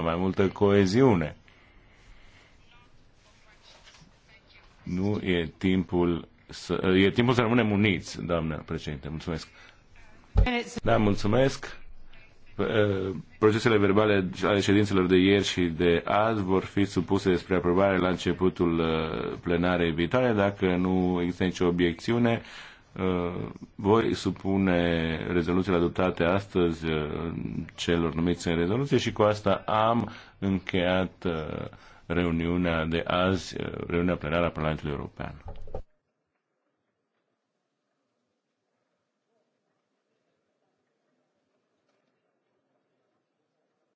mai multă coeziune. Nu e timpul să, e timpul să rămânem uniți, doamnă președinte. Mulțumesc. Da, mulțumesc. Ă, procesele verbale ale ședințelor de ieri și de azi vor fi supuse despre aprobare la începutul ă, plenarei viitoare. Dacă nu există nicio obiecțiune, Uh, voi supune rezoluțiile adoptate astăzi uh, celor numiți în rezoluție și cu asta am încheiat uh, reuniunea de azi, reuniunea plenară a Parlamentului European.